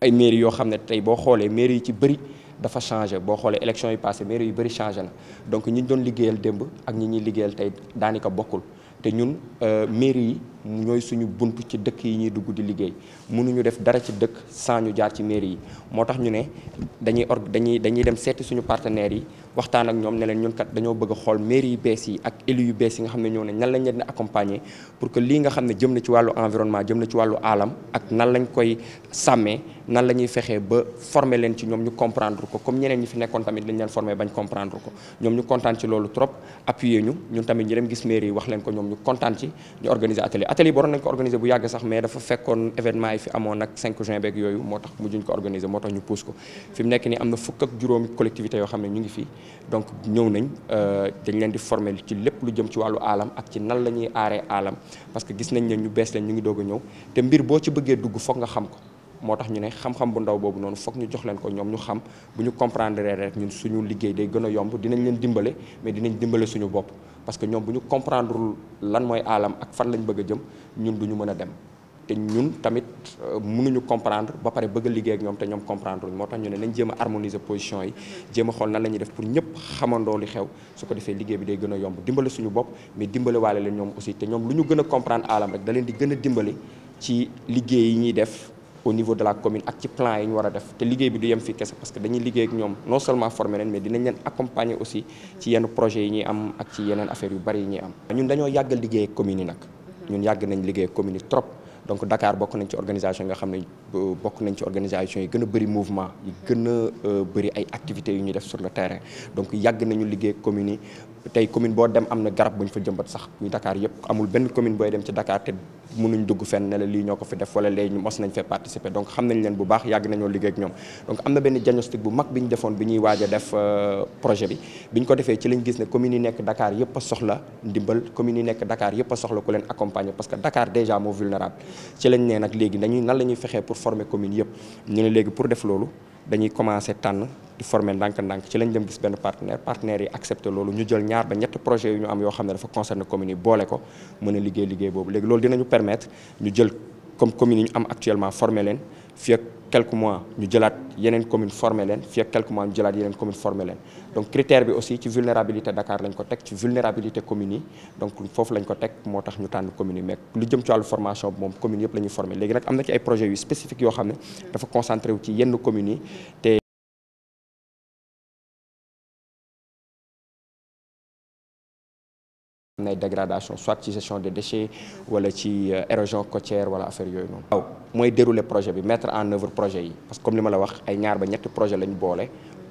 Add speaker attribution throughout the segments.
Speaker 1: ay mairie yoo xam ne tey boo xoolee mairie yi ci bëri dafa changé boo xoolee élection yi passé mairie yu bëri changé na donc ñi doon liggéeyal démb ak ñi ñuy liggéeyal tey daanaka bokkul te ñun euh, mairie yi ñooy suñu bunt ci dëkk yi ñuy dugg di liggéey mënuñu def dara ci dëkk sans ñu jaar ci mairie yi moo tax ñu ne dañuy or dañuy dañuy dem seeti suñu partenaires yi waxtaan ak ñoom ne leen ñun kat dañoo bëgg a xool mairie bees yi ak élus yu bees yi nga xam ne ñëw ne nan lañ leen accompagner pour que lii nga xam ne jëm na ci wàllu environnement jëm na ci wàllu aalam ak nan lañ koy sàmmee nan la ñuy fexee ba former leen ci ñoom ñu comprendre ko comme ñeneen ñi fi nekkoon tamit dañ leen former bañ comprendre ko ñoom ñu kontaan ci loolu trop appuyer ñu ñun tamit ñu dem gis mairie wax leen ko ñoom ñu kontaan ci ñu organiser atelier atelier boroon nañ ko organiser bu yàgg sax mais dafa moo tax mujjuñ ko moo tax ñu pousse ni am na fukk ak juróomi collectivité yoo ñu ngi fii donc ñëw nañ euh, dañ leen di former ci lépp lu jëm ci wàllu aalam ak ci nan la ñuy aaree aalam parce que gis nañ ne ñu bees leen ñu ngi doog a ñëw te mbir boo ci bëggee dugg foog nga xam ko moo tax ñu ne xam-xam bu ndaw boobu noonu foog ñu jox leen ko ñoom ñu xam bu ñu comprendre rek ñun suñu liggéey day gën a yomb dinañ leen dimbale mais dinañ dimbale suñu bopp parce que ñoom bu ñu comprendre lan mooy aalam ak fan lañ bëgg a jëm ñun du ñu mën a dem te ñun tamit euh, mënuñu comprendre ba pare bëgg a liggéey ak ñoom te ñoom comprendre moo tax ñu ne nañ jéem a harmoniser position yi a xool nan la ñuy def pour ñëpp xamandoo li xew su ko defee liggéey bi day gën a yomb suñu bopp mais dimbale leen ñoom aussi te ñoom lu ñu gën a leen di gën a dimbale ñuy def au niveau de la commune ak ci plan yi ñu war a def te liggéey bi du yem fii kese parce que dañuy liggéey ak ñoom non seulement former leen mais dinañ leen accompagner aussi ci yenn projets yi ñuy am ak ci yeneen affaires yu bari yi ñuy am ñun dañoo yàgg liggéey ak commune yi nag ñun yàgg nañ liggéey ak commune yi trop donc dakaar bokk nañ ci organisation yi nga xam ne bokk nañ ci yi gën a bëri mouvement yi gën a euh, bëri ay activités yu ñuy def sur le terrain donc yàgg nañu liggéey commune yi tey commune boo dem am na garab bu ñu fa jëmbat sax muy Dakar yëpp amul benn commune booy dem ci Dakar te dugg fenn ne la lii ñoo ko fi def wala léegi ñu mos nañ xam nañ leen bu baax yàgg nañoo liggéey ak ñoom donc am na benn bu mag bi ñu defoon bi ñuy waaj a def euh, projet bi bi ñu ko defee ci lañ gis ne communes yi nekk Dakar yëpp a soxla ndimbal communes yi nekk Dakar yëpp a soxla ku leen accompagner parce que Dakar déjà moo vulnérable ci lañ nee nag léegi dañuy nan la ñuy fexee pour former commune yëpp ñu ne léegi pour def loolu dañuy commencé tànn di former ndànk-ndànk ci lañ dem gis benn partenaire partenaires yi accepté loolu ñu jël ñaar ba ñetti projets yu ñu am yoo xam ne dafa concerné communes yi boole ko mën a liggéey liggéey boobu léegi loolu dinañu permettre ñu jël comme commune yi ñu am actuellement formé leen fii ak quelques mois ñu jëlaat yeneen commune formé leen fii ak quelques mois ñu jëlaat yeneen commune formé leen donc critère bi aussi ci vulnérabilité Dakar lañ ko teg ci vulnérabilité communes yi donc foofu lañ ko teg moo tax ñu tànn communes yi mais lu jëm ci wàllu formation bi moom communes yëpp la ñuy léegi nag am na ci ay projets yu spécifiques yoo xam ne dafa concentré ci yenn communes yi am na ay dégradation soit ci gestion des déchets wala ci euh, érosion côtière wala affaire yooyu noonu. aw mooy dérouler projet bi mettre en œuvre projet yi parce que comme li ma la wax ay ñaar ba ñetti projet lañ boole.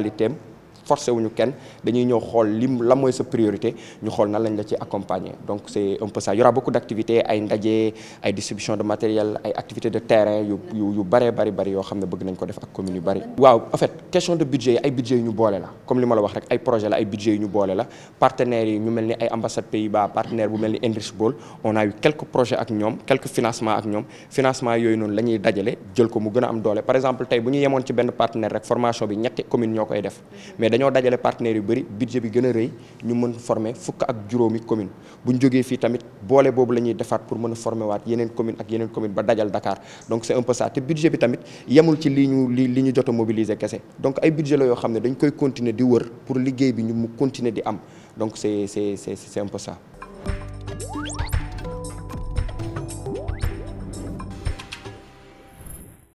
Speaker 1: personnalité am forcé wuñu kenn dañuy ñëw xool lim la mooy sa priorité ñu xool na lañ la ci accompagner donc c'est un peu ça ay ndaje ay de matériel ay activités de terrain yu yu yu bëree bëri bëri yoo xam ne bëgg nañ ko def ak commune yu bëri waaw en fait ñu boole comme li ma la wax rek ay projet la ay budget yu mel ni ay ambassade Pays-Bas ni Enrich Ball on a ñoom quelques financements ak ñoom financement yooyu noonu la ñuy dajale jël ko mu gën a am doole par exemple tey bu ñu yemoon ci benn partenaire rek formation bi ñetti commune ñoo koy def dañoo dajale partenaires yu bëri budget bi gën a rëy ñu mën former fukk ak juróomi commune bu ñu jógee fii tamit boole boobu la ñuy defaat pour mën a former waat yeneen commune ak yeneen commune ba dajal Dakar donc c'est un peu te budget bi tamit yemul ci li ñu li ñu jot a kese donc ay budget la yoo xam ne dañ koy continuer di wër pour liggéey bi ñu mu continuer di am donc c'est c'est c'est un peu